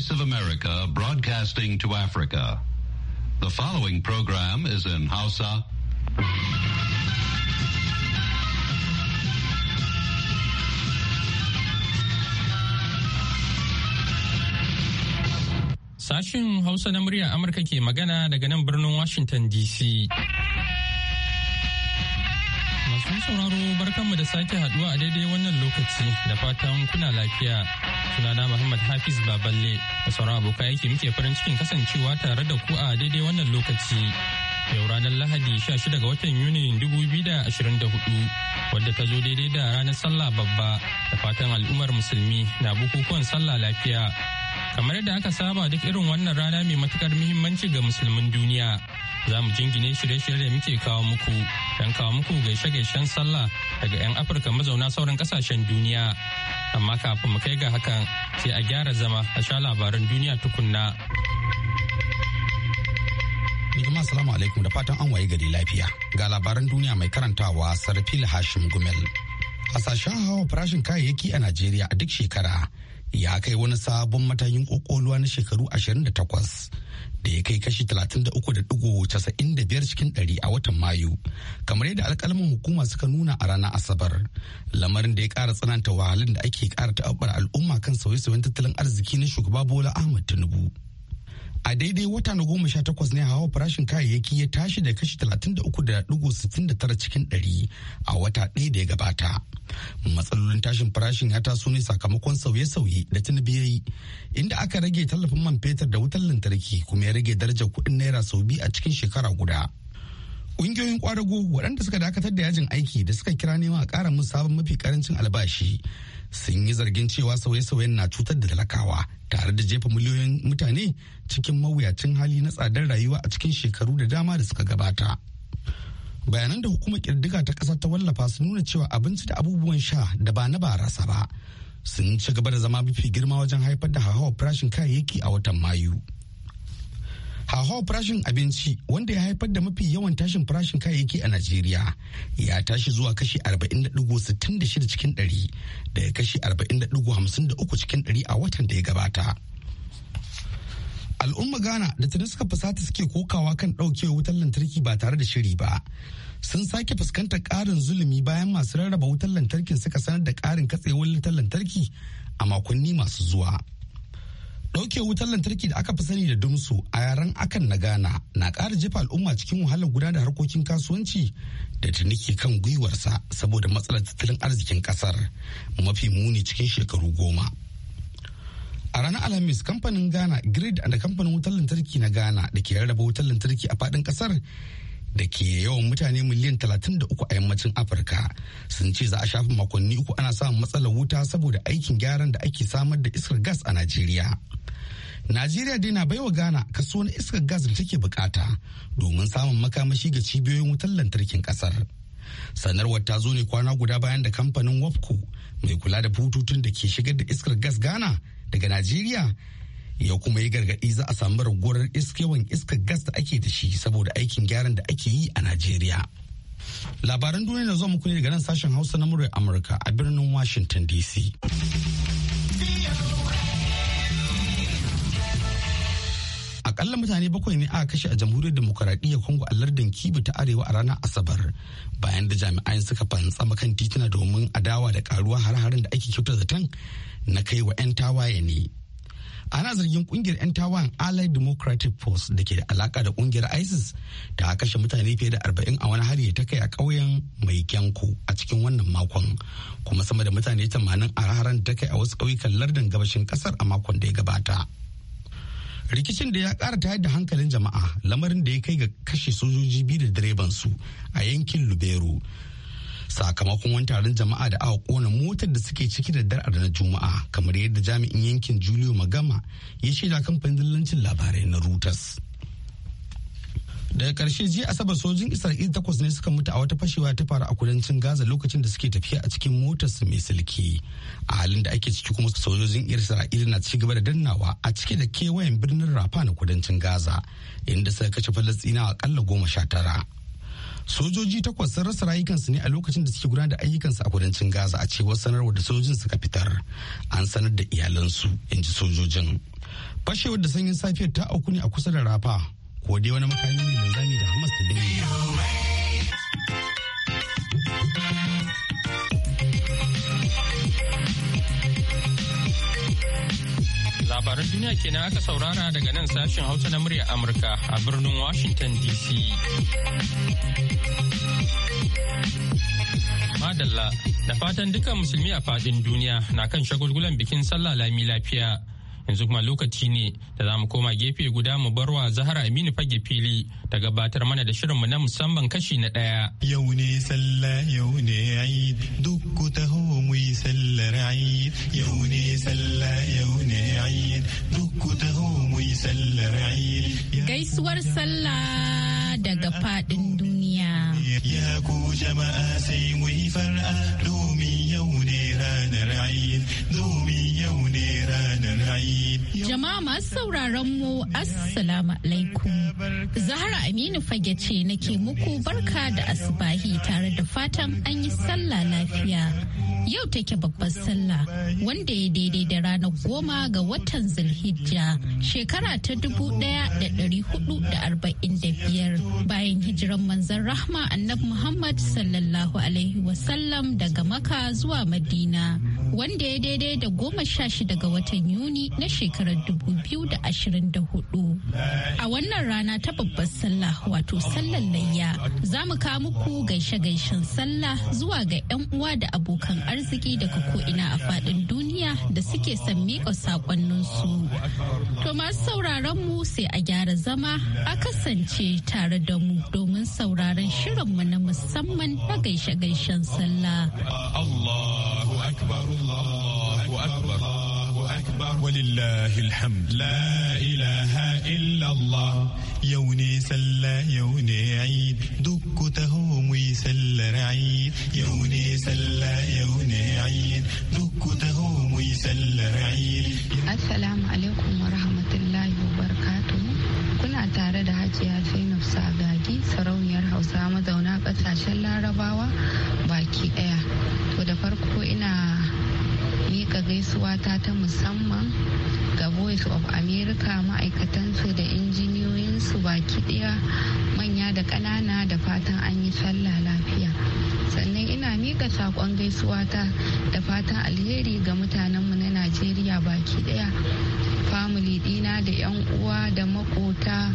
Voice of America broadcasting to Africa. The following program is in Hausa. sashen Hausa na murya Amurka ke magana daga nan birnin Washington DC. Masu sauraro barkanmu da sake haduwa a daidai wannan lokaci da fatan kuna lafiya. Sunana Muhammad Hafiz Baballe da sauran abokan aiki muke farin cikin kasancewa tare da ku a daidai wannan lokaci. Yau ranar Lahadi 16 ga watan Yuni 2024 wadda ta zo daidai da ranar sallah babba da fatan al'ummar musulmi na bukukuwan sallah lafiya. kamar yadda aka saba duk irin wannan rana mai matukar muhimmanci ga musulmin duniya za mu jingine shirye-shirye da muke kawo muku don kawo muku gaishe-gaishen sallah daga 'yan afirka mazauna sauran kasashen duniya amma kafin mu kai ga hakan sai a gyara zama a sha labaran duniya tukunna jama'a salamu alaikum da fatan an waye gari lafiya ga labaran duniya mai karantawa sarfil hashim gumel hasashen hawa farashin kayayyaki a najeriya a duk shekara ya kai wani sabon matakin kokoluwa na shekaru 28 da ya kai kashi 33.95 cikin 100 a watan mayu kamar yadda alkalamin hukuma suka nuna a ranar asabar lamarin da ya kara tsananta wahalin da ake kara ta'abbar al'umma kan sauye-sauyen tattalin arziki na shugaba bola ahmad tinubu a daidai wata na goma sha takwas ne hawa farashin kayayyaki ya tashi da kashi 33.69 cikin ɗari a wata ɗaya da ya gabata matsalolin tashin farashin ya taso ne sakamakon sauye-sauye da tunubi ya inda aka rage tallafin man fetur da wutar lantarki kuma ya rage darajar kuɗin naira sau biyu a cikin shekara guda ƙungiyoyin kwadago waɗanda suka dakatar da yajin aiki da suka kira neman a ƙara musu sabon mafi ƙarancin albashi sun yi zargin cewa sauye-sauyen na cutar da talakawa tare da jefa miliyoyin mutane cikin mawuyacin hali na tsadar rayuwa a cikin shekaru da dama da suka gabata. Bayanan da hukumar kirdiga ta ƙasa ta wallafa sun nuna cewa abinci da abubuwan sha da ba na barasa ba sun ci gaba da zama mafi girma wajen haifar da hauhawar farashin kayayyaki a watan Mayu. hauhawar farashin abinci wanda ya haifar da mafi yawan tashin farashin kayayyaki a najeriya ya tashi zuwa kashi 40.66 cikin 100 daga kashi 40.53 cikin 100 a watan da ya gabata al'umma ghana da tuni suka fusata suke kokawa kan ɗauke wutar lantarki ba tare da shiri ba sun sake fuskantar ƙarin zulumi bayan masu rarraba wutar lantarkin suka sanar da ƙarin katsewar wutar lantarki a makonni masu zuwa. dauke wutar lantarki da aka fi sani da dumsu a yaren akan na Ghana na kara jefa al'umma cikin wahalar gudanar harkokin kasuwanci da tuniki kan gwiwarsa saboda matsalar tattalin arzikin ƙasar mafi muni cikin shekaru goma. A ranar Alhamis, kamfanin Ghana Grid da kamfanin wutar lantarki na Ghana da ke rarraba wutar lantarki a faɗin ƙasar da ke yawan mutane miliyan 33 a yammacin afirka sun ce za a shafi makonni uku ana samun matsalar wuta saboda aikin gyaran da ake samar da iskar gas a najeriya najeriya dai na baiwa ghana kaso na iskar gas da take bukata domin samun makamashi ga cibiyoyin wutar lantarkin kasar sanarwar ta zo ne kwana guda bayan da kamfanin Wafco mai kula da bututun da ke shigar da iskar gas ghana daga najeriya ya kuma yi gargaɗi za a samu raguwar yawan iska gas da ake da shi saboda aikin gyaran da ake yi a najeriya labaran duniya na zuwa muku ne daga nan sashen hausa na murya amurka a birnin washington dc akalla mutane bakwai ne aka kashe a jamhuriyar demokaradiyyar Kongo a lardin kibi ta arewa a ranar asabar bayan da jami'ai suka fantsama kan tituna domin adawa da karuwa har-harin da ake kyauta zaton na kai wa 'yan tawaye ne ana zargin kungiyar 'yan tawan allied democratic force da ke da alaka da kungiyar isis ta kashe mutane fiye da arba'in a wani hari ta kai a ƙauyen mai kyanku a cikin wannan makon kuma sama da mutane tamanin a raharan ta kai a wasu ƙauyukan lardin gabashin ƙasar a makon da ya gabata rikicin da ya kara tayar da hankalin jama'a lamarin da ya kai ga kashe sojoji biyu da direban su a yankin lubero sakamakon wani taron jama'a da aka kona motar da suke ciki da dar'ar na juma'a kamar yadda jami'in yankin julio magama ya shaida kamfanin dillancin labarai na reuters daga karshe jiya asabar sojin isra'il takwas ne suka mutu a wata fashewa ta faru a kudancin gaza lokacin da suke tafiya a cikin motar su mai silki a halin da ake ciki kuma sojojin israil na ci gaba da dannawa a cike da kewayen birnin rafa na kudancin gaza inda suka kashe falastinawa akalla goma sha tara sojoji takwas sun rasa rayukansu ne a lokacin da suke gudanar da ayyukansu a kudancin gaza a cewar sanarwar da sojojin suka fitar an sanar da iyalansu in ji sojojin fashewar da sanyin safiyar ta auku ne a kusa da rafa ko dai wani makami mai linzami da hamas ta Labaran duniya kenan aka saurara daga nan sashen Hausa na muryar Amurka a birnin Washington DC. Madalla, da fatan dukkan musulmi a fadin duniya na kan shagulgulan bikin sallah lami lafiya. yanzu kuma lokaci ne da za mu koma gefe guda mu barwa zahara aminu fage fili ta gabatar mana da shirinmu na musamman kashi na ɗaya. yau ne sallah yau ne ayi duk ku taho mu yi sallar ayi yau ne sallah yau ne aid duk ku taho mu yi sallar ayi. gaisuwar sallah daga faɗin duniya. ya ku jama'a sai mu yi far'a domin yau ne ranar ayi domin Jama'a masu sauraron mu Assalamu alaikum. Zahra Aminu fage ce nake muku barka da asubahi tare da fatan an yi sallah lafiya. Yau take babbar sallah wanda ya daidai da ranar goma ga watan Zulhijja shekara ta dubu ɗaya da ɗari hudu da arba'in da biyar bayan hijiran manzan rahma annabi Muhammad sallallahu alaihi wasallam daga Maka zuwa Madina wanda ya daidai da goma sha shida ga watan Yuni Yuli na shekarar 2024. A wannan rana ta babbar sallah wato sallar layya za mu kawo muku gaishe-gaishen sallah zuwa ga 'yan uwa da abokan arziki daga ko'ina a faɗin duniya da suke son miƙa saƙonninsu. To masu sauraron mu sai a gyara zama a kasance tare da mu domin sauraron mu na musamman na gaishe-gaishen sallah. Allahu akbar walillahi alhamd la ilaha illallah yau ne sallah yau ne aid taho mu sallar aid yau taho mu sallar aid assalamu alaikum wa rahmatullahi kuna tare da hajiya zainab sagagi sarauniyar hausa mazauna ƙasashen larabawa baki ɗaya to da farko gaisuwa ta ta musamman ga voice of america ma'aikatansu da injiniyoyinsu baki daya manya da ƙanana da fatan an yi sallah lafiya sannan ina mika saƙon gaisuwa ta da fatan alheri ga mutanenmu na najeriya baki daya family dina da 'yan uwa da makota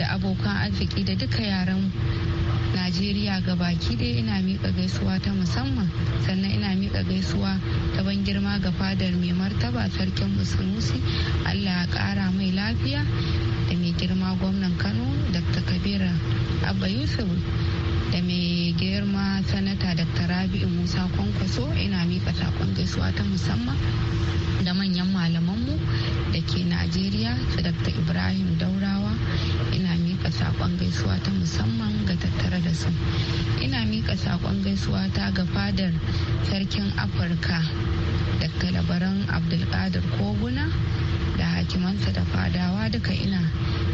da abokan arziki da duka yaren najeriya ga baki ɗaya ina miƙa gaisuwa ta musamman sannan ina miƙa gaisuwa ta ban girma ga fadar mai martaba sarkin musulmusi allah ya ƙara mai lafiya da mai girma gwamnan kano dr kabira abba yusuf da mai girma sanata dr rabi'u musa kwankwaso ina mika sakon gaisuwa ta musamman da manyan malamanmu da ke najeriya da dr ibrahim daura miƙa saƙon gaisuwa ta musamman ga tattara da su ina miƙa saƙon gaisuwa ta ga fadar sarkin afirka da kalabaran abdulkadir koguna da hakimansa da fadawa duka ina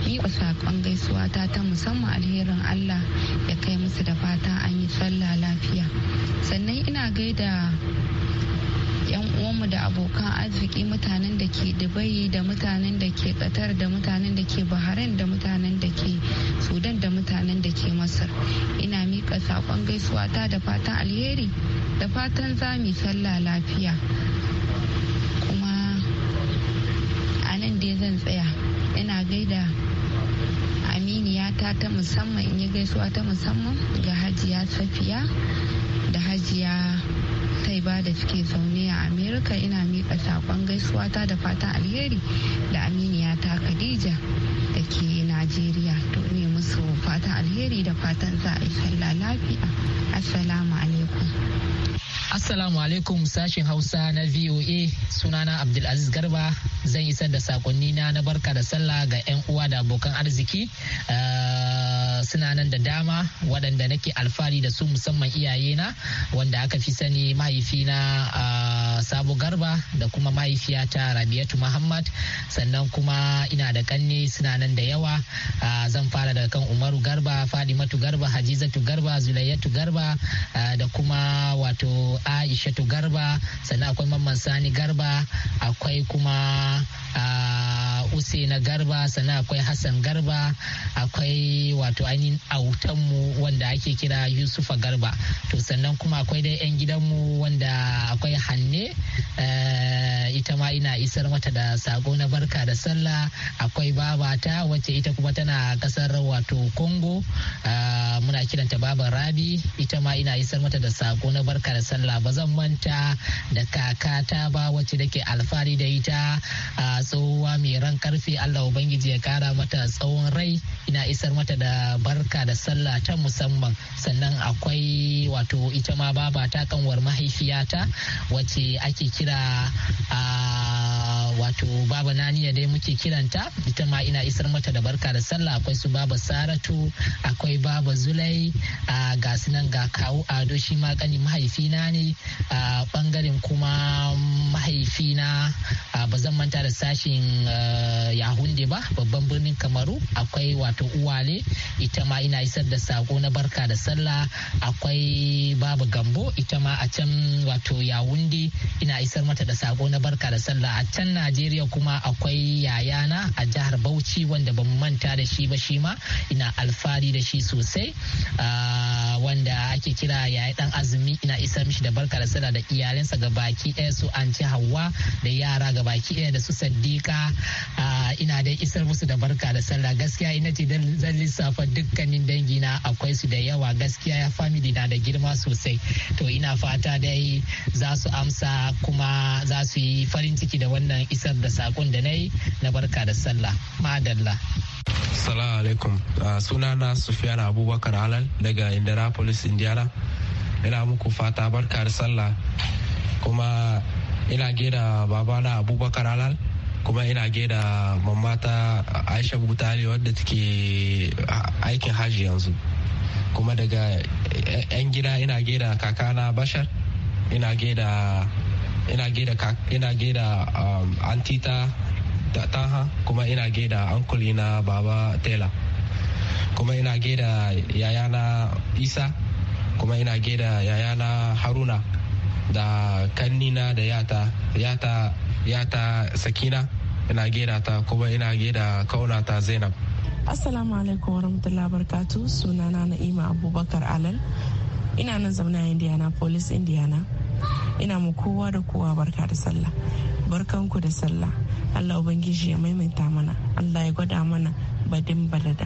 miƙa saƙon gaisuwa ta ta musamman alherin allah ya kai musu da fata an yi sallah lafiya sannan ina gaida mu da abokan arziki mutanen da ke dubai da mutanen da ke qatar da mutanen da ke bahrain da mutanen da ke sudan da mutanen da ke masar ina miƙa sakon gaisuwa ta da fatan alheri da fatan za mu sallah lafiya kuma a nan dai zan tsaya ina gaida aminiyata ta musamman in yi gaisuwa ta musamman ga hajiya safiya da hajiya ba da suke zaune a amerika ina miƙa saƙon ta da fatan alheri da aminiya ta khadija da ke najeriya to ne musu fatan alheri da fatan za a yi sallah lafiya assalamu alaikum Assalamu alaikum sashen Hausa na VOA sunana Abdulaziz Garba zan isar da sakonni na na barka da sallah ga 'yan uwa da abokan arziki. Ah, suna nan da dama waɗanda nake alfahari da su musamman iyayena wanda aka fi sani mahaifina sabo garba da kuma mahaifiyata rabiatu muhammad sannan kuma ina da kanne suna nan da yawa zan fara daga kan umaru garba fadimatu garba hajizatu garba zulayyatu garba da kuma wato aishatu garba sannan akwai mamman sani garba akwai kuma usaina garba sannan akwai hassan garba akwai wato ainihin autanmu wanda ake kira yusufa garba to sannan kuma akwai dai 'yan gidanmu wanda akwai hanne eh, ita ma ina isar mata da sako na barka da sallah akwai babata wacce ita kuma tana kasar wato congo eh, muna kiranta baba rabi ita ma ina isar mata da sako na barka da sallah ba zan manta da kakata ba wacce da ke alfahari da ita eh, tsohuwa mai ran karfe allah ubangiji ya kara mata tsawon rai ina isar mata da barka da sallah ta musamman sannan akwai wato ita ma baba ta kanwar mahaifiyata wacce ake kira a ah, wato baba naniya dai muke kiranta ita ma ina isar mata da barka da sallah akwai su baba saratu akwai baba zulai a ga nan ga kawu ado shi ma kani mahaifina ne a bangaren kuma mahaifina ba zan manta da sashin yahunde ba babban birnin kamaru akwai wato uwale ita ma ina isar da sako na barka da sallah akwai baba gambo ita ma a can wato yahunde ina isar mata da sako na barka da sallah a can najeriya kuma akwai yayana a jihar bauchi wanda ban manta da shi ba shi ma ina alfari da shi sosai ah, wanda ake kira yayi dan azumi ina isar mishi da barka da sada da iyalinsa ga baki ɗaya su an ci hawa da yara ga baki ɗaya da su saddika ah, ina dai isar musu da barka da sallah gaskiya ina ce zan lissafa dukkanin dangi na akwai su da yawa gaskiya ya family na da girma sosai to ina fata dai za su amsa kuma za su yi farin ciki da wannan isar da sakon da na yi na barka da sallah madalla salamu alaikum ah, sunana sufiyana abubakar alal daga indianapolis indiana ina muku fata barka da sallah kuma ina gida babana abubakar alal kuma ina gida mamata aisha butali wadda take aikin hajji yanzu kuma daga 'yan gida ina gida kakana bashar ina gida ina gaida ina gaida um, antita da taha kuma ina gaida ankuli na baba tela kuma ina gaida yayana isa kuma ina gaida yayana haruna da kannina da yata yata yata sakina ina gaida ta kuma ina gaida ta zainab assalamu alaikum warahmatullahi wabarakatuh sunana na'ima abubakar alal ina nan zauna indiana police indiana ina mu kowa da kowa barka da sallah barkanku da sallah allah ubangiji ya maimaita mana allah ya gwada mana badin balada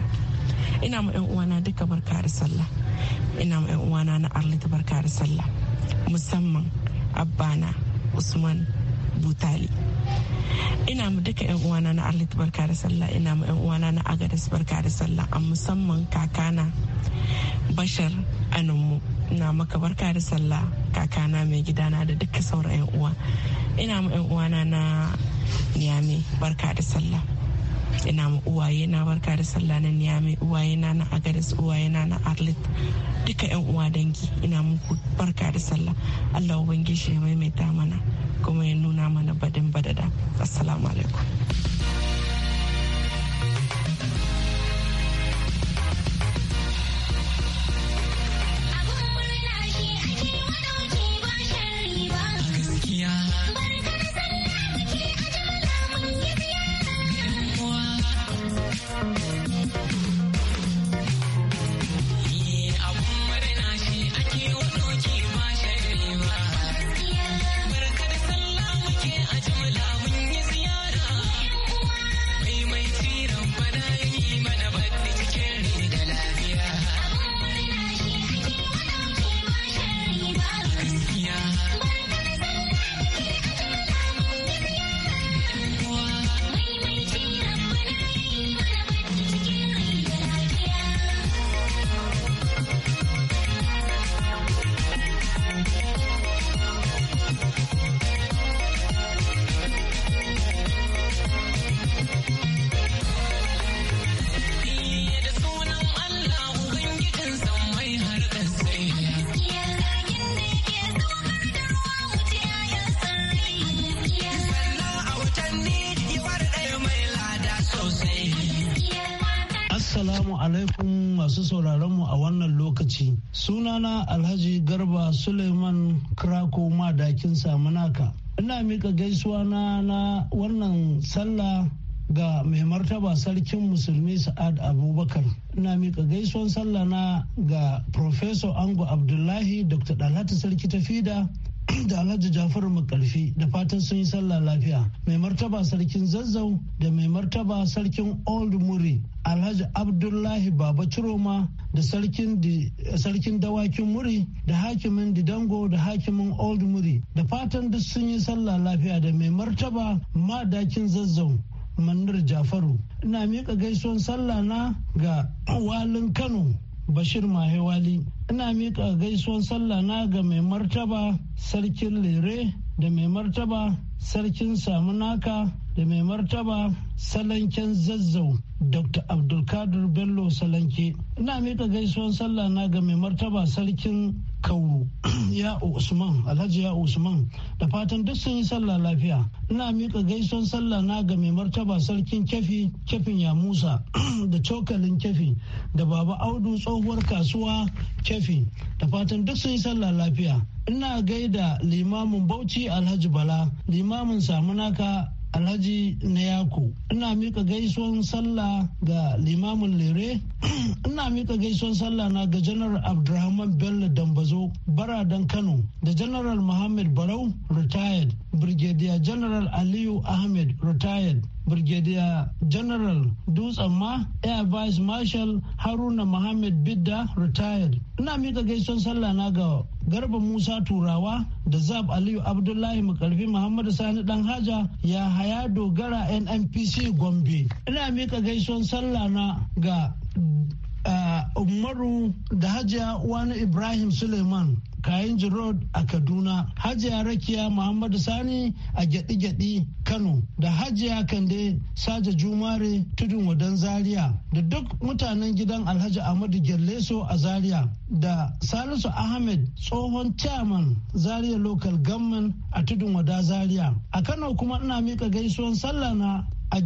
ina mu yan uwana duka barka da sallah ina mu yan uwana na arlita barka da sallah musamman abbana usman butali ina mu duka yan uwana na arlita barka da sallah ina mu yan uwana na agadas barka da sallah a musamman kakana bashar anunmu ina maka barka da sallah kakana mai gidana da duka sauran 'yan uwa ina ma 'yan uwana na niyame barka da sallah ina ma uwaye na barka da sallah na niyame uwaye na na agaris uwaye na na arlit duka 'yan uwa dangi ina muku barka da sallah allah ubangiji ya maimaita mana kuma ya nuna mana badin badada assalamu alaikum samu naka ina mika gaisuwa na na wannan sallah ga mai martaba sarkin musulmi sa'ad abubakar ina mika gaisuwan sallah na ga professor ango abdullahi dr dalatu sarki tafida da Alhaji Jafaru Makarfi da fatan sun yi sallah lafiya. Mai martaba sarkin zazzau da mai martaba sarkin Old Muri Alhaji Abdullahi Baba Ciroma da sarkin dawakin muri da hakimin Didango da hakimin Old Muri da fatan duk sun yi sallah lafiya da mai martaba madakin zazzau Mannar Jafaru. Ina miƙa gaisuwan sallah na ga walin Kano Bashir Mahewali ina miƙa gaisuwan sallah na ga mai martaba sarkin lere da mai martaba sarkin samunaka da mai martaba salanken zazzau dr abdulkadir bello salanke ina miƙa gaisuwan sallah na ga mai martaba sarkin kauru ya usman alhaji ya usman da fatan duk sun yi sallah lafiya ina miƙa gaisuwan sallah na ga mai martaba sarkin kefi kefin ya musa da cokalin kefi da baba audu tsohuwar kasuwa kefi da fatan duk sun yi sallah lafiya ina gaida limamin bauchi alhaji bala limamin limamin samunaka Alhaji na yako Ina mika gaisuwan sallah ga limamin lere. Ina mika gaisuwan sallah na ga Janar Abdulrahman Bello Dambazo, Baradan Kano, da Janaral Muhammad Barau, retired. Brigadier General Aliyu Ahmed, retired. Brigadier General ma Air Vice Marshal Haruna Mohammed Bidda retired. Ina mika gaison sallah na ga Garba Musa Turawa da Zab Aliyu Abdullahi Mukalfi Muhammadu Sani Dan Haja ya haya dogara NNPC Gombe. Ina mika gaison sallah na ga uh, Umaru da Hajiya Wani Ibrahim Suleiman kayanji road a kaduna hajiya rakiya muhammadu sani a gyaɗi-gyaɗi kano da hajiya kande saja jumare tudun wadan zaria da duk mutanen gidan alhaji ahmadu gyalleso a zaria da salisu ahmed tsohon chairman zaria local government a tudun wada zaria a kano kuma ina mika gaisuwan sallah na a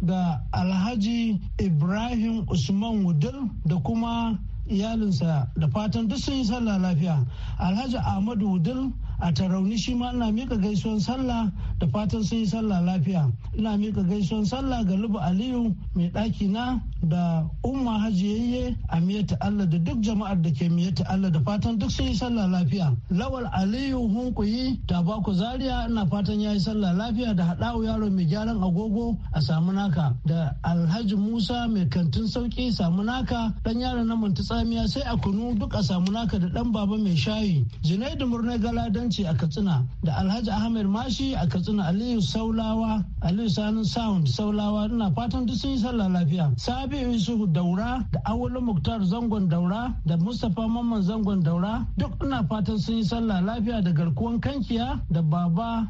da alhaji ibrahim usman wudil da kuma iyalinsa da fatan duk sun yi sallah lafiya alhaji ahmadu wudil a tarauni shi ma ina mika gaisuwan sallah da fatan sun yi sallah lafiya ina mika gaisuwan sallah ga lubu aliyu mai ɗaki na da umma hajiyayye a miyata allah da duk jama'ar da ke miyata allah da fatan duk sun yi sallah lafiya lawal aliyu hunkuyi tabako zaria ina fatan ya yi sallah lafiya da haɗawu yaro mai gyaran agogo a samu naka da alhaji musa mai kantin sauki samu naka ɗan yaro na manta tsamiya sai a kunu duk a samu naka da ɗan baba mai shayi junaidu murnai galadan Zanci a Katsina da Alhaji Ahmed Mashi a Katsina Aliyu Saulawa Aliyu Sani Sound Saulawa ina fatan duk sun yi sallah lafiya. Sabi Yusufu Daura da Awolu Muktar Zangon Daura da Mustapha Mamman Zangon Daura duk ina fatan sun yi sallah lafiya da garkuwan kankiya da baba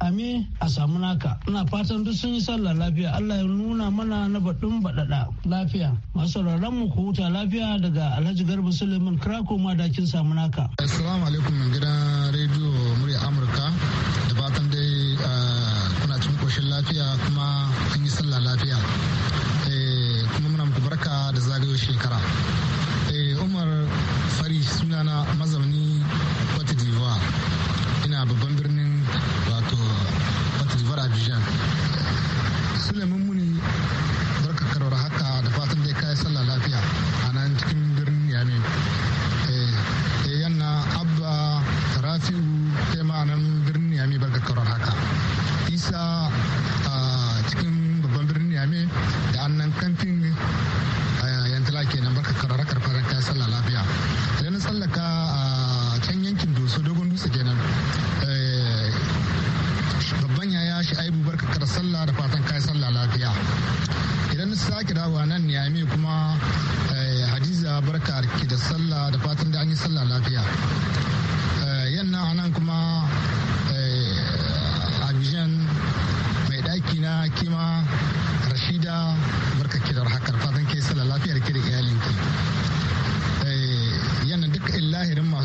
Ami a samu naka. Ina fatan duk sun yi sallah lafiya Allah ya nuna mana na baɗin baɗaɗa lafiya. Masu mu ku huta lafiya daga Alhaji Garba Suleiman Krako ma dakin samu naka. Assalamu alaikum gidan rediyo murya amurka da fatan dai kuna cikin koshin lafiya kuma an yi sallah lafiya eh, kuma muna muku barka da zagayo shekara eh, umar fari sunana mazauni cote d'ivoire ina babban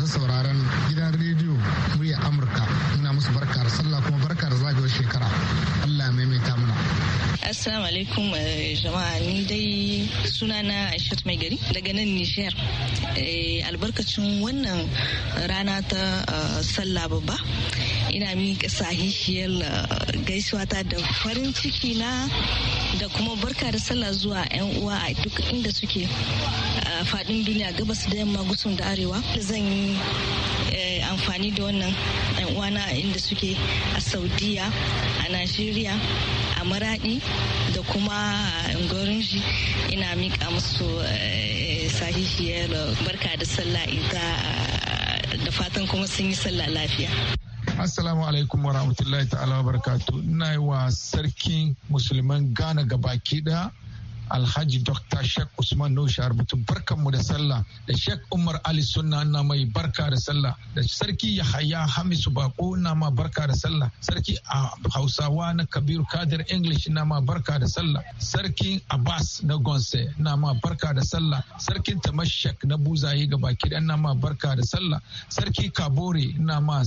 masu sauraron gidan rediyo murya amurka ina musu barkar sallah kuma barkar zagayowar shekara allah maimaita mana Assalamu alaikum eh, jama'a ni dai sunana Aishat mai gari daga nan Nijar. Eh, albarkacin wannan rana ta eh, sallah babba ina miƙa sahihiyar gaisuwa ta da farin ciki na da kuma barka da sallah zuwa 'yan uwa a duk inda suke. a faɗin duniya gabas da yamma gusun da arewa zan yi eh, amfani da wannan yan uwana inda suke a saudiya a najeriya a maradi da kuma a ina mika musu eh, sahihiyar barka da sallah ita eh, da fatan kuma sun yi sallah lafiya Assalamu alaikum wa rahmatullahi ta'ala wa barakatu. Ina yi wa sarkin musulman Ghana gabaki da alhaji dr shek usman noshar mutum mu da sallah da shek umar ali sunna na mai barka da sallah da sarki yahaya hamisu bako na ma barka da sallah sarki a hausawa na kabir kadir english na ma barka da sallah sarki abbas na gonse na ma barka da sallah sarki tamashek na buzaye ga baki dan na ma barka da sallah sarki kabore na ma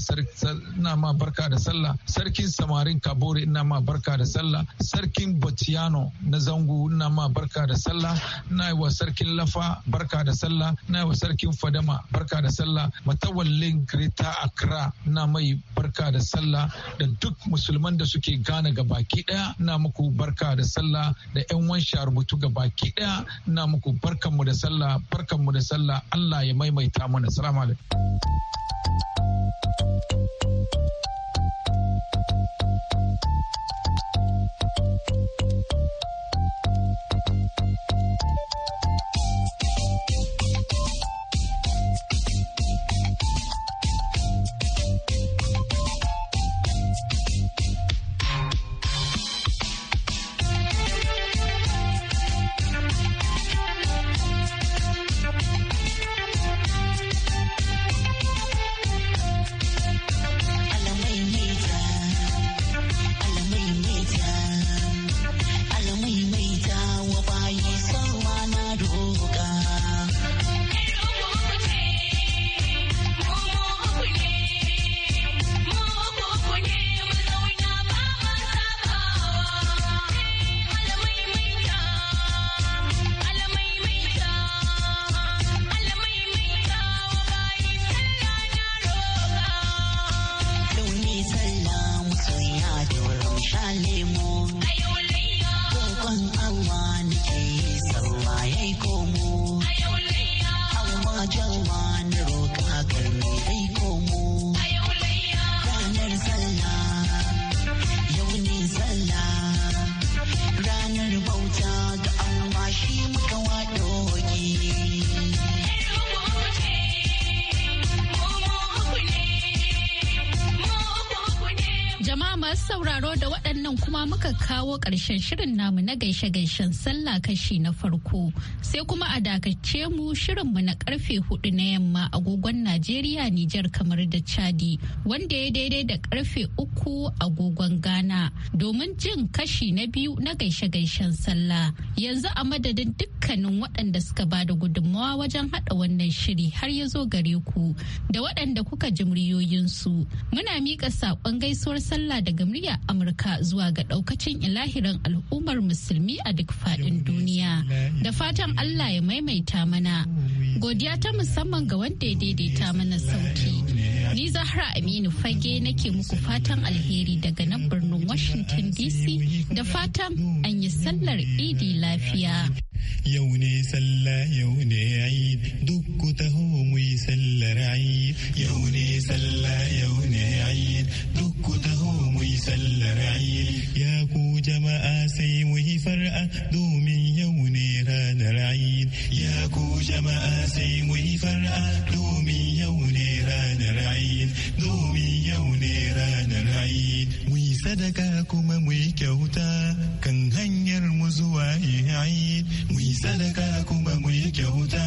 na ma barka da sallah sarkin samarin kabore na ma barka da sallah sarkin botiano na zango na ma barka da sallah na yi wa sarkin lafa barka da sallah na yi wa sarkin fadama barka da sallah matawallin greta accra na mai barka da sallah da duk musulman da suke gane ga baki daya na muku barka da sallah da yan wansha rubutu ga baki daya na muku barkan mu da sallah barkan mu da sallah Allah ya maimaita mana salamu alaikum Just wa sauraro da waɗannan kuma muka kawo ƙarshen shirin namu na gaishe-gaishen sallah kashi na farko sai kuma a dakace mu shirinmu na karfe hudu na yamma agogon Najeriya Nijar kamar da Chadi wanda ya daidai da karfe uku agogon Ghana domin jin kashi na biyu na gaishe-gaishen sallah yanzu a madadin dukkanin waɗanda suka ba da gudunmawa wajen haɗa wannan shiri har ya zo gare ku da waɗanda kuka ji muryoyinsu muna miƙa saƙon gaisuwar sallah daga jamhuriyar Amurka zuwa ga daukacin ilahirin al'ummar musulmi a duk fadin duniya. Da fatan Allah ya maimaita mana. Godiya ta musamman ga wanda ya daidaita mana sauti. Ni Zahra Aminu Fage nake muku fatan alheri daga nan birnin Washington DC da fatan an yi sallar Idi lafiya. Yau ne sallah yau ne duk ku taho mu yi yau ne sallah duk ku taho mu sallar ayyili ya ku jama'a sai muhi yi far'a domin yau ne ranar ayyili ya ku jama'a sai muhi yi far'a domin yau ne ranar ayyili domin yau ne ranar ayyili mu sadaka kuma mu kyauta kan hanyar mu zuwa yi ayyili mu sadaka kuma mu kyauta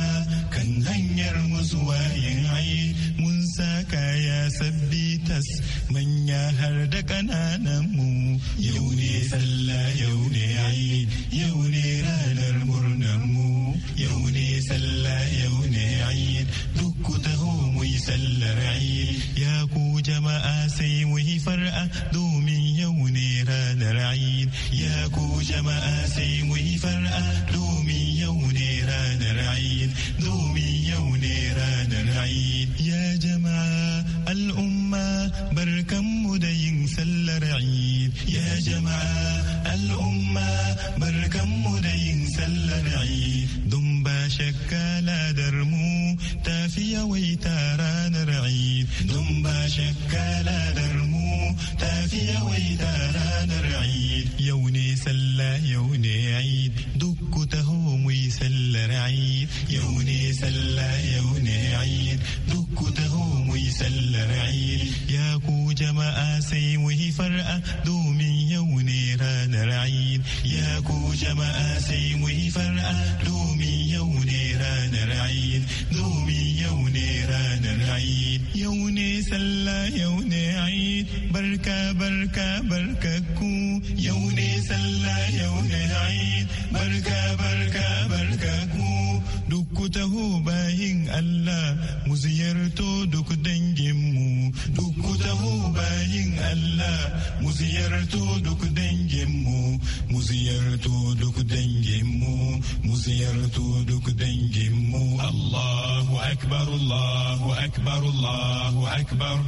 kan hanyar musuwa yin ai mun sa kaya sabbi tas manya har da kananan mu yau ne sallah yau ne ai yau ne ranar murnar mu yau ne sallah yau ne ai duk taho mu yi sallar ai ya ku jama'a sai mu yi far'a domin yau ne ranar Eid ya ku jama'a sai mu yi far'a domin yau ne ranar Eid domin yau ne ranar Eid ya jama'a al'umma barkanmu da yin sallar Eid ya jama'a al'umma barkanmu da yin sallar Eid ba shakka ladar mu tafi yawaita ranar Eid don ba shakka ladar mu tafi yawaita ranar Eid yau ne sallah yau ne Eid duk ku taho mu yi sallar Eid yau ne sallah yau ne Eid duk ku taho mu yi sallar Eid ya ku jama'a sai mu yi far'a domin yau ne ranar Eid alkhairi ya ku jama'a sai mu yi far'a domin yau ne ranar ayin domin yau ne ranar ayin yau ne sallah yau ne ayin barka barka barka ku yau ne sallah yau ne ayin barka barka barka ku duk ku bayin Allah mu ziyarto duk danginmu duk ku bayin Allah mu ziyarto duk danginmu mu ziyarto duk danginmu mu ziyarto duk danginmu Allahu akbar Allahu akbar Allahu akbar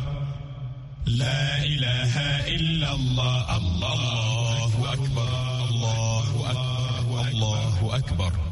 لا إله إلا الله الله أكبر الله أكبر الله أكبر, الله أكبر.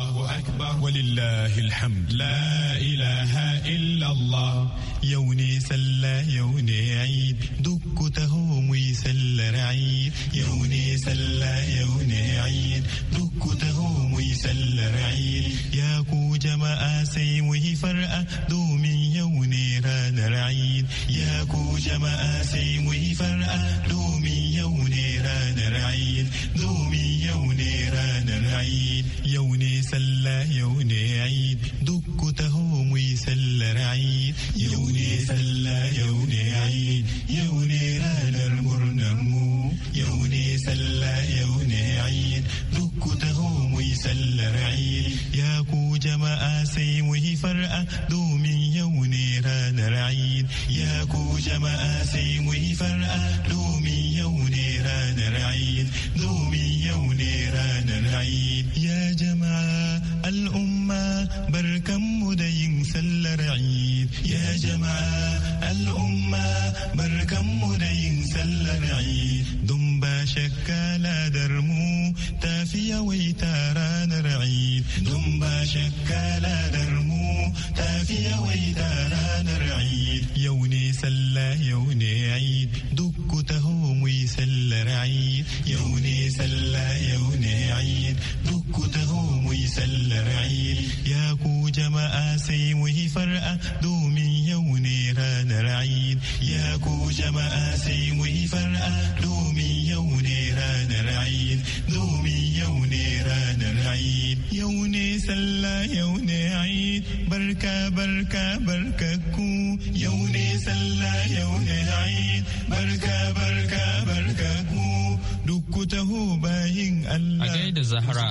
أكبر ولله الحمد لا إله إلا الله يوني سلا يوني عيد دكته تهوم يسل رعيد يوني سلا يوني عيد دكته تهوم يسل رعيد يا كو جماعة سيمه فرأة دومي يوني ران رعيد يا كو جماعة سيمه فرأة دومي يوني ران رعيد دو ku taho mu yi sallar aid yau ne sallah yau ne aid duk ku taho mu yi sallar aid ya ku jama'a sai mu yi far'a domin yau ne ranar aid ya ku jama'a sai mu yi far'a domin yau ne ranar aid yau ne sallah yau ne aid barka barka barka ku yau ne sallah yau ne aid barka barka barka ku taho bayin Allah a gaida Zahra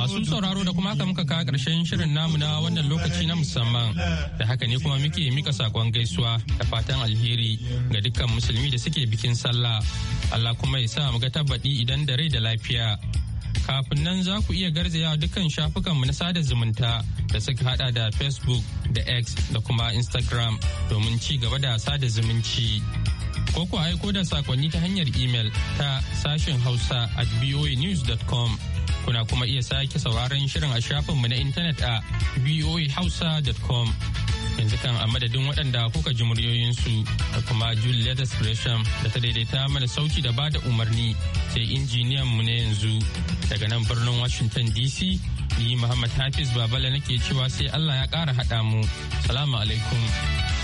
masu sauraro da kuma haka muka kawo karshen shirin namu na wannan lokaci na musamman da haka ne kuma muke mika sakon gaisuwa da fatan alheri ga dukkan musulmi da suke bikin sallah Allah kuma ya sa mu ga tabbadi idan da rai da lafiya Kafin nan za ku iya garzayawa dukkan shafukanmu na sada zumunta da suka hada da Facebook da X da kuma Instagram domin ci gaba da sada zumunci. Ko ku aiko da sakonni ta hanyar imel ta sashen Hausa at voanews.com. Kuna kuma iya sake sauraron shirin a shafinmu na intanet a voahausa.com. yanzu kan a madadin waɗanda kuka ji muryoyinsu da kuma Juliet Gresham da ta daidaita mana sauki da bada umarni sai injiniyan mu na yanzu daga nan birnin Washington DC ni Muhammad Hafiz Babala nake cewa sai Allah ya ƙara haɗa mu. Salamu alaikum.